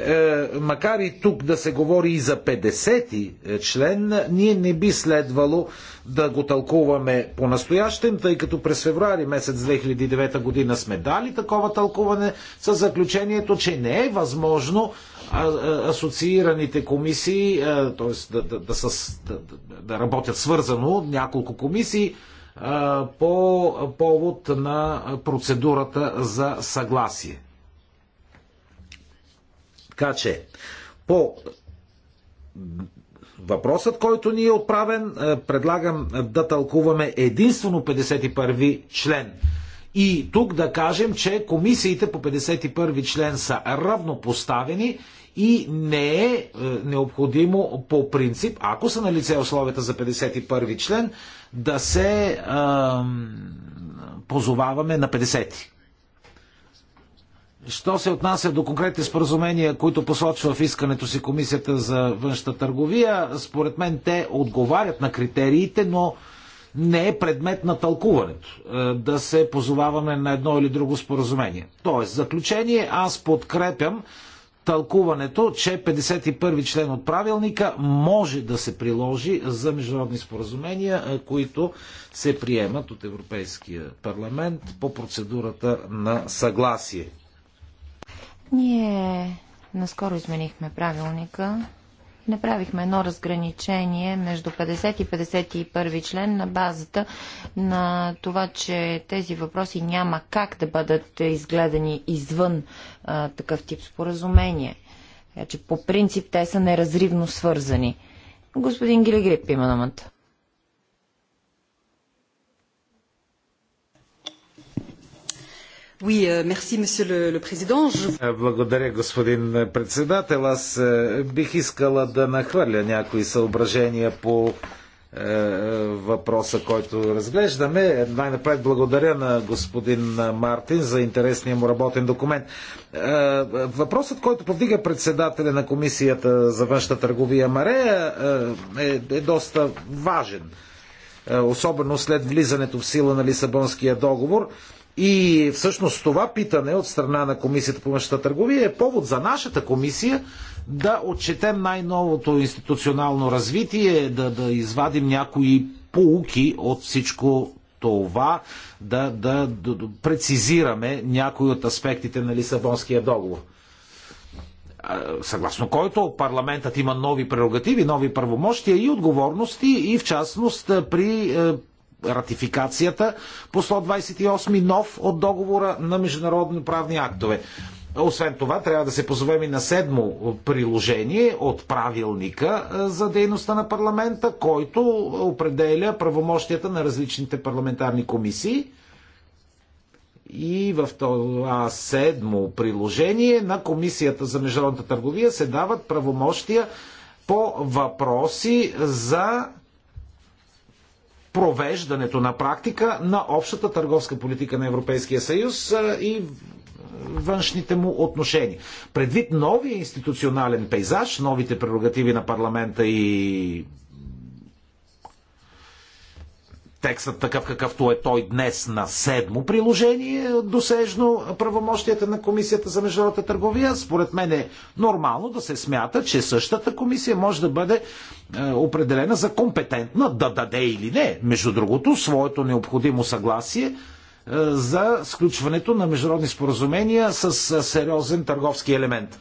е, макар и тук да се говори и за 50-ти е, член, ние не би следвало да го тълкуваме по-настоящем, тъй като през февруари месец 2009 година сме дали такова тълкуване с заключението, че не е възможно а, а, асоциираните комисии, е, т.е. Да, да, да, да, да работят свързано няколко комисии, по повод на процедурата за съгласие. Така че, по въпросът, който ни е отправен, предлагам да тълкуваме единствено 51 член и тук да кажем, че комисиите по 51 член са равнопоставени и не е, е необходимо по принцип, ако са на лице условията за 51 член, да се а, позоваваме на 50. ти Що се отнася до конкретните споразумения, които посочва в искането си Комисията за външна търговия, според мен те отговарят на критериите, но не е предмет на тълкуването е, да се позоваваме на едно или друго споразумение. Тоест, заключение, аз подкрепям тълкуването, че 51 член от правилника може да се приложи за международни споразумения, е, които се приемат от Европейския парламент по процедурата на съгласие. Ние наскоро изменихме правилника направихме едно разграничение между 50 и 51 член на базата на това, че тези въпроси няма как да бъдат изгледани извън а, такъв тип споразумение. Така че по принцип те са неразривно свързани. Господин Гилегрип има намата. Euh, е, благодаря, господин председател. Аз е, бих искала да нахвърля някои съображения по е, въпроса, който разглеждаме. Най-напред благодаря на господин Мартин за интересния му работен документ. Въпросът, който повдига председателя на Комисията за външна търговия Марея е, е доста важен. Особено след влизането в сила на Лисабонския договор и всъщност това питане от страна на Комисията по външната търговия е повод за нашата комисия да отчетем най-новото институционално развитие, да, да извадим някои поуки от всичко това, да, да, да, да прецизираме някои от аспектите на Лисабонския договор. Съгласно който парламентът има нови прерогативи, нови правомощия и отговорности и в частност при ратификацията по 128 нов от договора на международни правни актове. Освен това, трябва да се позовем и на седмо приложение от правилника е, за дейността на парламента, който определя правомощията на различните парламентарни комисии. И в това седмо приложение на Комисията за международната търговия се дават правомощия по въпроси за провеждането на практика на общата търговска политика на Европейския съюз и външните му отношения. Предвид новия институционален пейзаж, новите прерогативи на парламента и текстът такъв какъвто е той днес на седмо приложение, досежно правомощията на Комисията за международната търговия, според мен е нормално да се смята, че същата комисия може да бъде е, определена за компетентна да даде или не, между другото, своето необходимо съгласие е, за сключването на международни споразумения с с е, сериозен търговски елемент.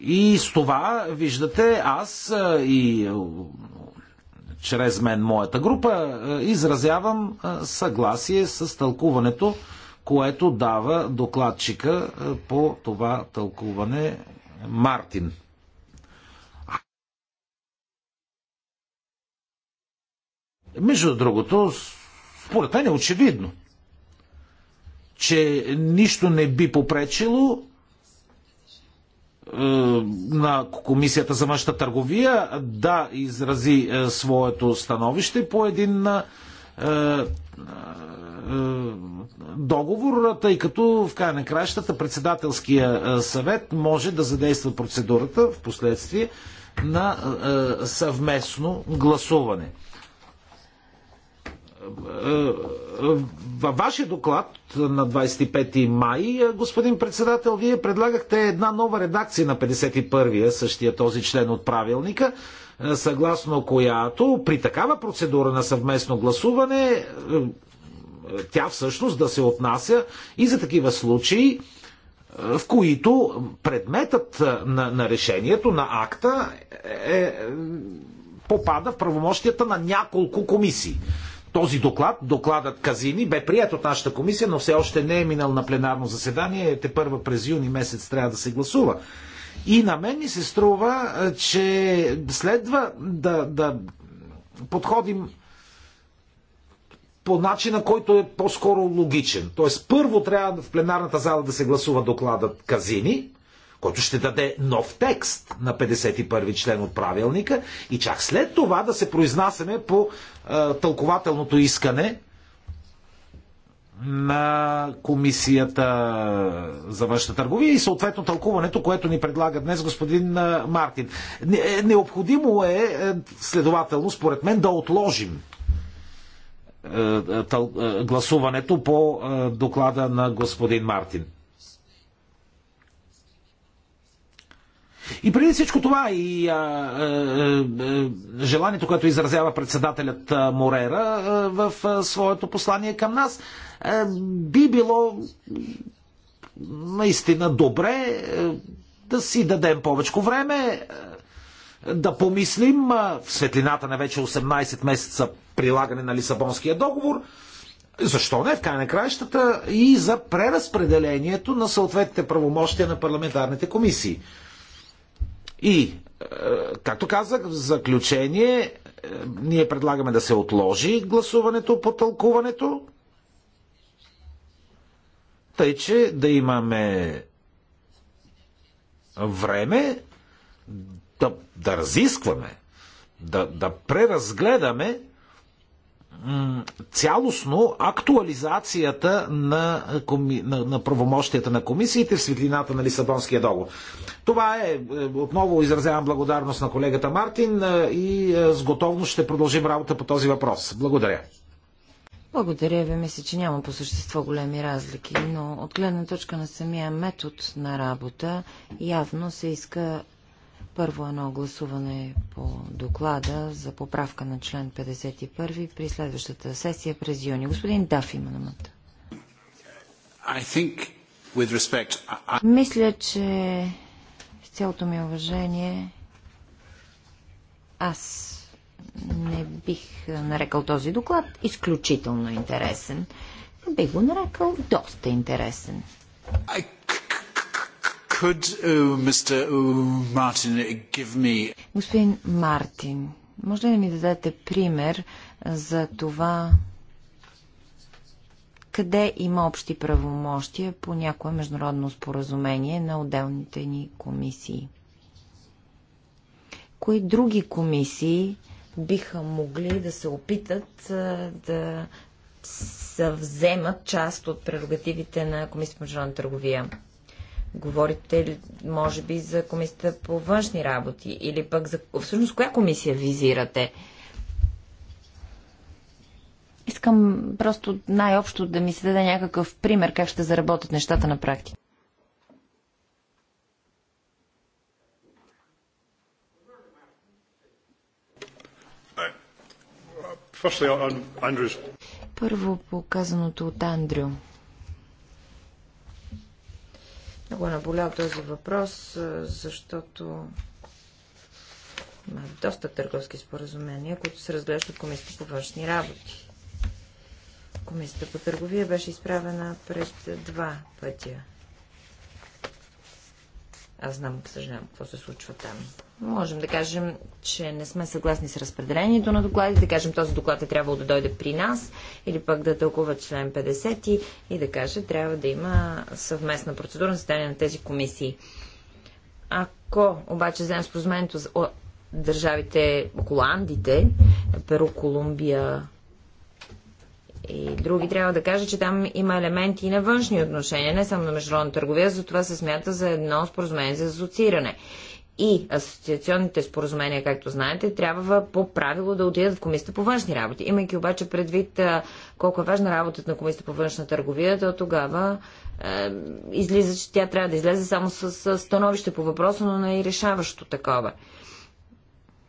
И с това, виждате, аз е, и е, чрез мен моята група, е, изразявам е, съгласие с тълкуването, което дава докладчика е, по това тълкуване Мартин. Между другото, според мен е очевидно, че нищо не би попречило е, на Комисията за външна търговия да изрази е, своето становище по един е, договор, тъй като в край на краищата председателския съвет може да задейства процедурата в последствие на съвместно гласуване във вашия доклад на 25 май, е, господин председател, вие предлагахте една нова редакция на 51-я, същия този член от правилника, е, съгласно която при такава процедура на съвместно гласуване е, тя всъщност да се отнася и за такива случаи, в които предметът на, на решението, на акта е, попада в правомощията на няколко комисии този доклад, докладът Казини, бе прият от нашата комисия, но все още не е минал на пленарно заседание. Те първа през юни месец трябва да се гласува. И на мен ми се струва, че следва да, да подходим по начина, който е по-скоро логичен. Тоест, първо трябва в пленарната зала да се гласува докладът Казини, който ще даде нов текст на 51 член от правилника и чак след това да се произнасяме по тълкователното искане на Комисията за външна търговия и съответно тълкуването, което ни предлага днес господин Мартин. Е, необходимо е, е, следователно, според мен, да отложим е, гласуването по доклада на господин Мартин. И преди всичко това и а, а, е, а, е, е, желанието, което изразява председателят Морера а, в а, своето послание към нас, а, би било наистина добре а, да си дадем повече време, а, да помислим а, в светлината на вече 18 месеца прилагане на Лисабонския договор, защо не, в край на краищата, и за преразпределението на съответните правомощия на парламентарните комисии. И, е, както казах, в заключение е, ние предлагаме да се отложи гласуването по тълкуването, тъй че да имаме време да, да разискваме, да, да преразгледаме цялостно актуализацията на, на, на правомощията на комисиите в светлината на Лисабонския договор. Това е, е отново изразявам благодарност на колегата Мартин е, и е, с готовност ще продължим работа по този въпрос. Благодаря. Благодаря ви. Мисля, че няма по същество големи разлики, но от гледна точка на самия метод на работа явно се иска първо едно гласуване по доклада за поправка на член 51 при следващата сесия през юни. Господин Даф има думата. Мисля, че с цялото ми уважение аз не бих нарекал този доклад изключително интересен. Бих го нарекал доста интересен. I Could uh, Mr. Uh, Martin give me... Господин Мартин, може ли да ми дадете пример за това къде има общи правомощия по някое международно споразумение на отделните ни комисии? Кои други комисии биха могли да се опитат да съвземат част от прерогативите на Комисията по международна търговия? Говорите, може би, за комисията по външни работи или пък за... Всъщност, коя комисия визирате? Искам просто най-общо да ми се даде някакъв пример как ще заработят нещата на практика. Първо по казаното от Андрю. Много е наболял този въпрос, защото има доста търговски споразумения, които се разглеждат Комисията по външни работи. Комисията по търговия беше изправена пред два пътя. Аз знам, съжалявам, какво се случва там можем да кажем, че не сме съгласни с разпределението на докладите, да кажем този доклад е трябвало да дойде при нас или пък да тълкува член 50 и, да каже трябва да има съвместна процедура на състояние на тези комисии. Ако обаче вземем споразумението за държавите около Андите, Перу, Колумбия, и други трябва да кажа, че там има елементи и на външни отношения, не само на международна търговия, затова се смята за едно споразумение за асоцииране и асоциационните споразумения, както знаете, трябва по правило да отидат в Комисията по външни работи. Имайки обаче предвид колко е важна работата на Комисията по външна търговия, то тогава е, излиза, че тя трябва да излезе само с, с становище по въпроса, но не и решаващо такова.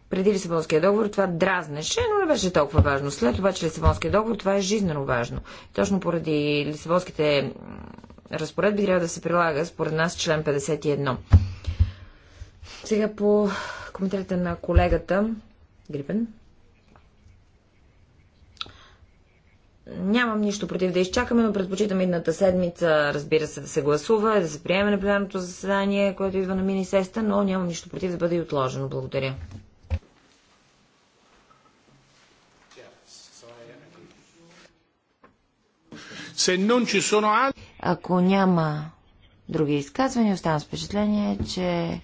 Преди Лисабонския договор това дразнеше, но не беше толкова важно. След обаче Лисабонския договор това е жизненно важно. Точно поради Лисабонските разпоредби трябва да се прилага, според нас, член 51. Сега по коментарите на колегата Грипен. Нямам нищо против да изчакаме, но предпочитам едната седмица, разбира се, да се гласува, да се приеме на пленарното заседание, което идва на мини сеста, но нямам нищо против да бъде и отложено. Благодаря. Ако няма други изказвания, оставам с впечатление, че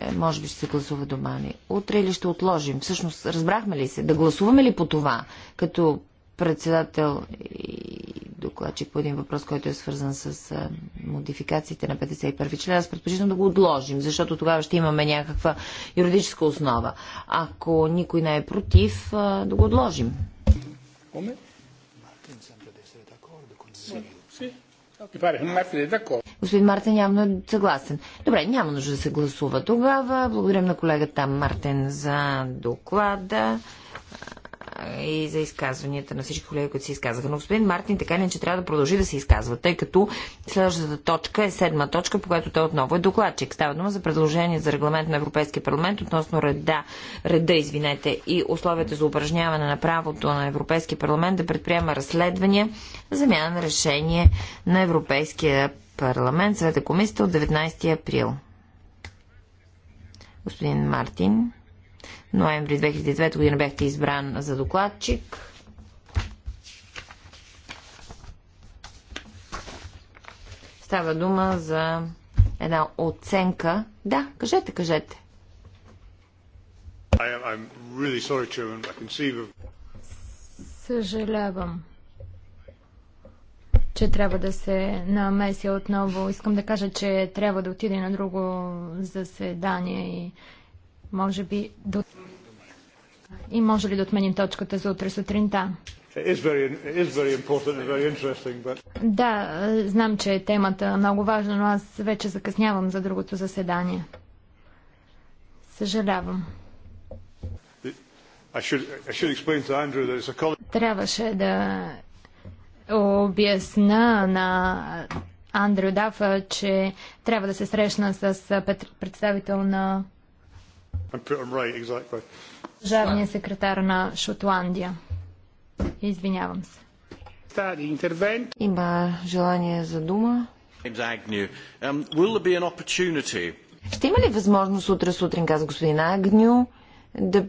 е, може би ще се гласува дома ни. Утре ли ще отложим? Всъщност, разбрахме ли се? Да гласуваме ли по това? Като председател и докладчик по един въпрос, който е свързан с модификациите на 51 член, аз предпочитам да го отложим, защото тогава ще имаме някаква юридическа основа. Ако никой не е против, да го отложим. Е Господин Мартин явно е съгласен. Добре, няма нужда да се гласува тогава. Благодарим на колегата Мартин за доклада и за изказванията на всички колеги, които се изказаха. Но господин Мартин така не, че трябва да продължи да се изказва, тъй като следващата точка е седма точка, по която той отново е докладчик. Става дума за предложение за регламент на Европейския парламент относно реда, реда извинете, и условията за упражняване на правото на Европейския парламент да предприема разследвания за замяна на решение на Европейския парламент, Съвета комисията от 19 април. Господин Мартин ноември 2009 година бяхте избран за докладчик. Става дума за една оценка. Да, кажете, кажете. Really sorry, Съжалявам, че трябва да се намеся отново. Искам да кажа, че трябва да отиде на друго заседание и може би до... И може ли да отменим точката за утре сутринта? Да, знам, че е темата много важна, но аз вече закъснявам за другото заседание. Съжалявам. Трябваше да обясна на Андрю Дафа, че трябва да се срещна с представител на I'm right, exactly държавния секретар на Шотландия. Извинявам се. Има желание за дума. Um, ще има ли възможност утре сутрин, каза господин Агню, да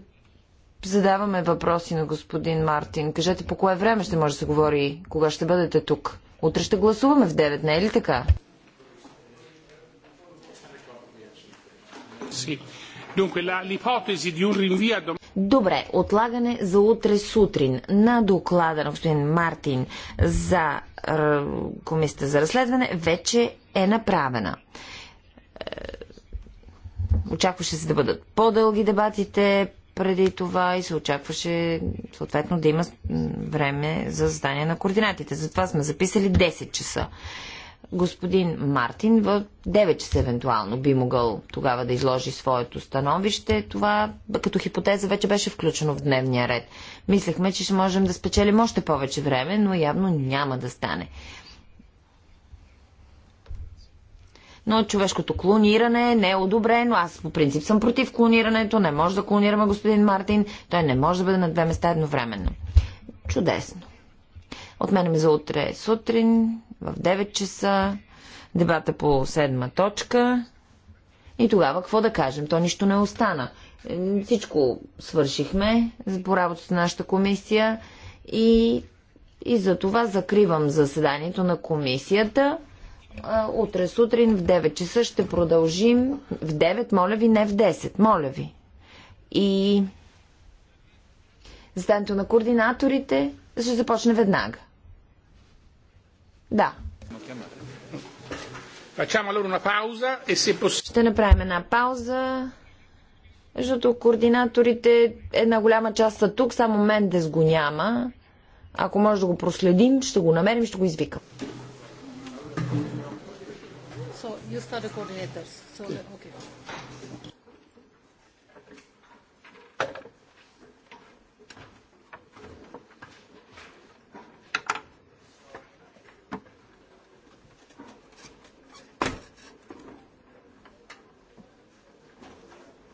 задаваме въпроси на господин Мартин? Кажете по кое време ще може да се говори, кога ще бъдете тук? Утре ще гласуваме в 9, не е ли така? Dunque, l'ipotesi di un rinvio a domani. Добре, отлагане за утре сутрин на доклада на господин Мартин за е, комисията за разследване вече е направена. Е, очакваше се да бъдат по-дълги дебатите преди това и се очакваше съответно да има време за задание на координатите. Затова сме записали 10 часа господин Мартин в 9 часа евентуално би могъл тогава да изложи своето становище. Това като хипотеза вече беше включено в дневния ред. Мислехме, че ще можем да спечелим още повече време, но явно няма да стане. Но човешкото клониране не е одобрено. Аз по принцип съм против клонирането. Не може да клонираме господин Мартин. Той не може да бъде на две места едновременно. Чудесно. Отменяме за утре сутрин в 9 часа, дебата по седма точка. И тогава какво да кажем? То нищо не остана. Всичко свършихме по работата на нашата комисия и, и за това закривам заседанието на комисията. Утре сутрин в 9 часа ще продължим. В 9, моля ви, не в 10, моля ви. И заседанието на координаторите ще започне веднага. Да. E ще направим една пауза, защото координаторите, една голяма част са тук, само мен да го няма. Ако може да го проследим, ще го намерим, ще го извикам. So you start the coordinators. So, okay.